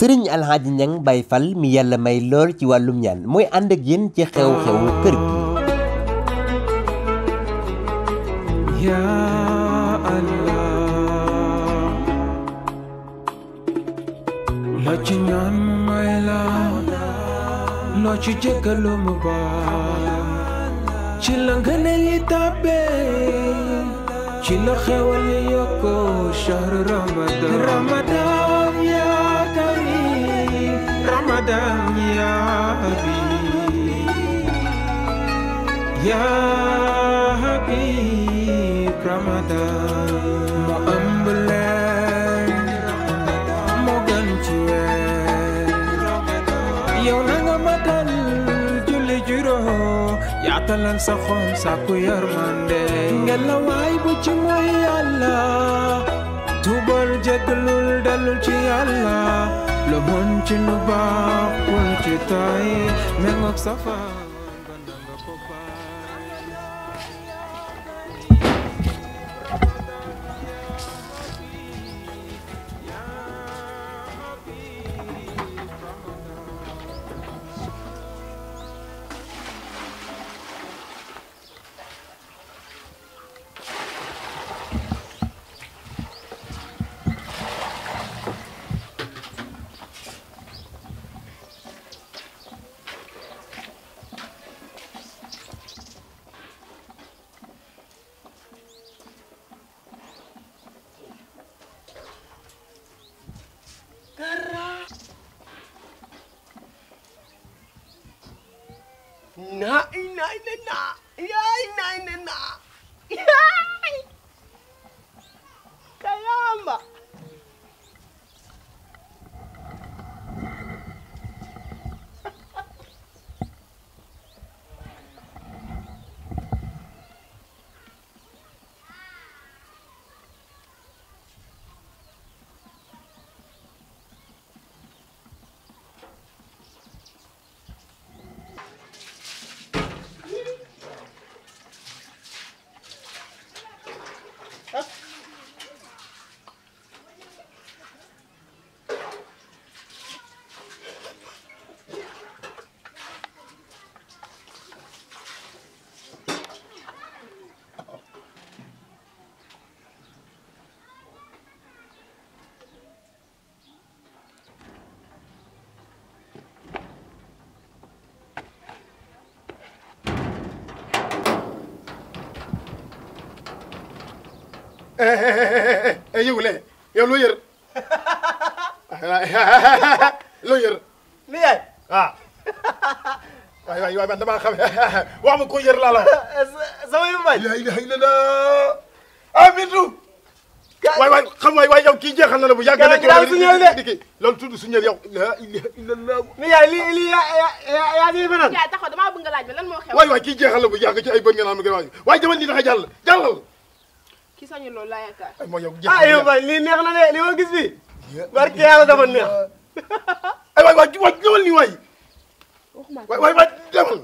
sëriñ alxaaji ñang bay fal mi yàlla may lool ci wàllum ñaan mooy ànd ak yéen ci xew-xewu kër gi yaa allah loo ci ñaan may la loo ci jëkkalu mu baal ci la ngëneel tàbbee ci la xewal yi yokkoo shahru ramadan دام يا حبيب يا حبيب رمضان مؤمبلين مغنجوين يو نغا مدل جولي جرو يعتلن سخون ساكو يرماندي ngela waay bu ci mooy yàlla tubal jégalul dellu ci yàlla la mën ci lu baax pour ci tay safar yëgulee yow loo yër loo yër li yaay waaw waay a waay man damaa xam wax ma ko yër laa la sama yu may la ilaha illallah amintu waay waay xam waay waay yow kii jeexal na la bu yàgg nekk daal su ñëw de dikki loolu tudd su ñëw yow la ilaha illallah ni yaay li li yaa di fanaan yaay taxaw damaa bëgg nga laaj ma bu yàgg ci ay bët nga naan ma gën waay waay demal nii dafa ki sañu loolu laa yaakaar. mooy yow jërëjëf ah yow man lii neex na de li ma gis bi barke yàlla dafa neex. aywa waay waay ñëwal nii waay. waay waay waay demal.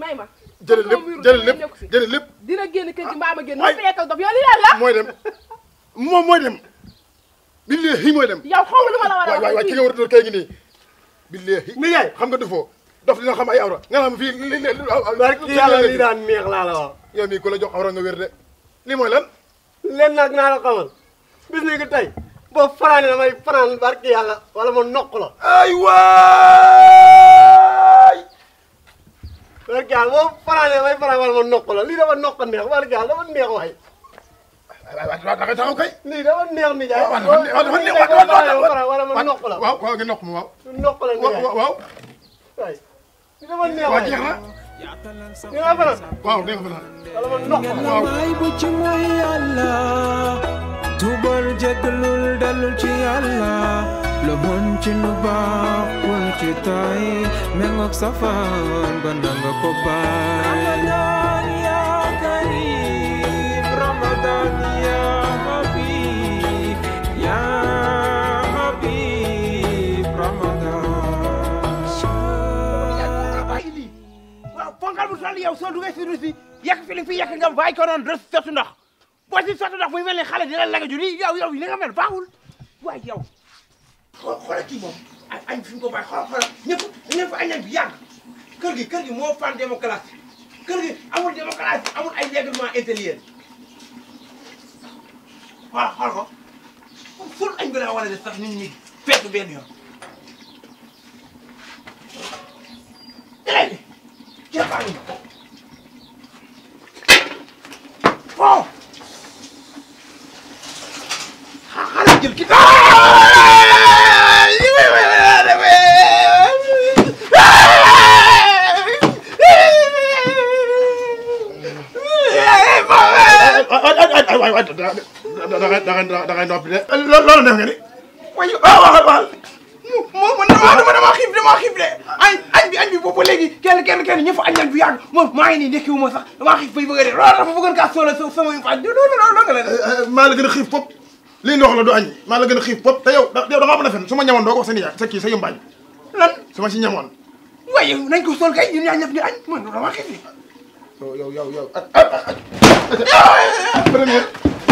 may ma. jëlal lépp jëlal lépp jëlal lépp. dina génn kër gi mbaa ma génn. waay ma nekkal dof yow li lan la. mooy dem moom mooy dem. billahi mooy dem. yow xaw ma lu ma la war a wax waay waay ki nga war a dóor kay ngi nii. billahi mi yaay xam nga defoo. dof dina xam ay awra nga xam fii li li li. barke yàlla li daan neex laa la wax. yow mii ku la jox awra nga wér de lii mooy lan leen nag naa la xamal bis ni ki tey boo faraan damay faraan barke yàlla wala ma noq la. ay waay. barke yàlla boo faraan damay faraan wala ma noq la lii dafa noq neex barke yàlla dafa da ngay taxaw kay. lii dafa neex ni jaay. waaw waaw dafa neex ma noq la. waaw waaw nga noq ma waaw. noq la neex waaw waaw. waay lii di nga faral waaw di nga faral wala man ndox ma waaw may bu ci mooy yàlla tuubal jégalul dalul ci yàlla lu ci lu baax ci tay mengook safaan ba nanga ko baay pour yow soo duggee si ruus yi yàq fi li fi yàq nga bàyyi ko noonu rës sotti ndox boo si sotti ndox bu mel ne xale dina la ju nii yow yow li nga mel baaxul waaye yow. xool xoolal kii moom añ fi mu ko bàyyi xool xoolal ñëpp ñëpp añal bi yàgg kër gi kër gi moo fan démocratie kër gi amul démocratie amul ay règlement intérieur xool xool ko ful añ bi laa war a def sax nit ñi feetu benn dangay dangay dangay dangay noppi de. loolu def nga ni. waaye waaw waxal waxal. moom man damaa damaa xiif damaa xiif de. añ añ bi añ bi boobu ba léegi kenn kenn kenn ñëpp añ nañ fi yàgg moom maa ngi nii ndekkiwu ma sax damaa xiif bay bëgg a dee loolu dafa bëggoon kaa sóolal sama sama loolu loolu la de. Eh, eh, maa la gën a xiif fop lii ndox la du añ maa la gën a xiif fop te yow da yow da ngaa mën a fen su ma ñamoon doo ko wax sa nijaay sa kii sa yumbaay lan su ma si ñamoon. waaye nañ ko sol kay ñun ñaa ñëpp ñu añ man damaa xiif yow yow yow yow premier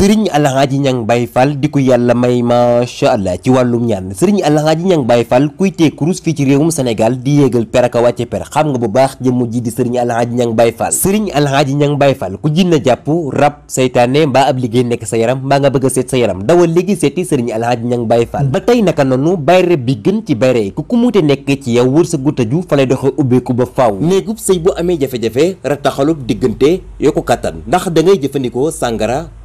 sëriñ alxaaji ñang bay fall di ko yàlla may macha allah ci wàllum ñaan sëriñ alxaaji ñang bay fall kuy tee kurus fii ci réewum sénégal di yéegal per ak wàcce per xam nga bu baax jëmm ji di sëriñ alxaaji ñang bay fall sëriñ alxaaji ñang bay fall ku jinna jàpp rab saytaane mbaa ab liggéey nekk sa yaram mbaa nga bëgg seet sa yaram dawal léegi seeti sëriñ alxaaji ñang bay fall ba tey naka noonu bayre bi gën ci bayre ku ku muute nekk ci yow wër sa guttaju fa lay doxe ubbeeku ba faaw néegub sëy bu amee jafe-jafe diggante yokku kattan ndax da ngay jëfandikoo sàngara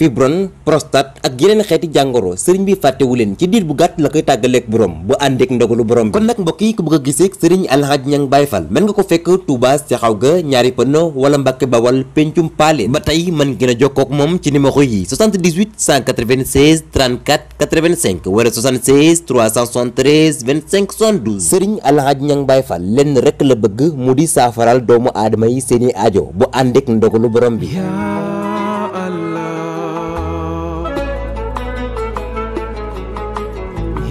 fibron prostate ak yeneen xeeti jàngoro sëriñ bi fàttewu leen ci diir bu gàtt la koy tàggaleeg borom bu àndeek ndogalu borom bi kon nag mbokk yi ku bëgg a gisee sëriñ alxaaj ñang baay fal mën nga ko fekk Touba Seexaw ga ñaari pënn wala Mbàkke Bawal pencum paale ba tey mën ngeen a jokkoo ak moom ci numéro yi 78 196 34 85 wala 76 373 25 72 sëriñ alxaaj ñang baay fal lenn rek la bëgg mu di saafaral doomu aadama yi seeni ajo bu àndeek ndogalu borom bi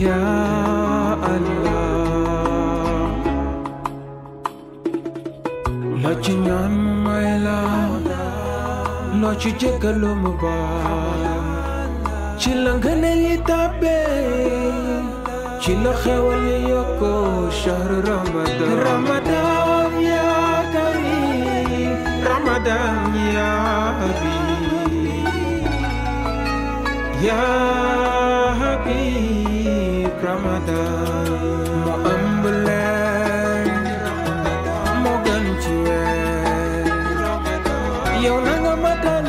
ya Allah loo ci ñaan mu may la loo ci jéggalu mu baal ci la yi tàbbee ci la xewal yokkoo shahru Ramadan ya karim Ramadan ya habib Ramadan mu ëmb leen gën ci weer yow na nga matal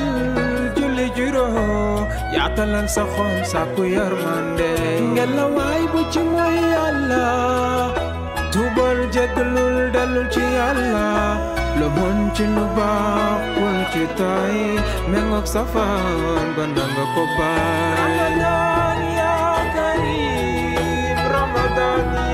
julli juróom yaatalal sa xol sàkku yërmande ngela waay bu ci mooy yàlla tubal jéglul dellu ci yàlla lu mën ci lu baax bul ci tay mengoog safaan ba nanga ko baay worthy.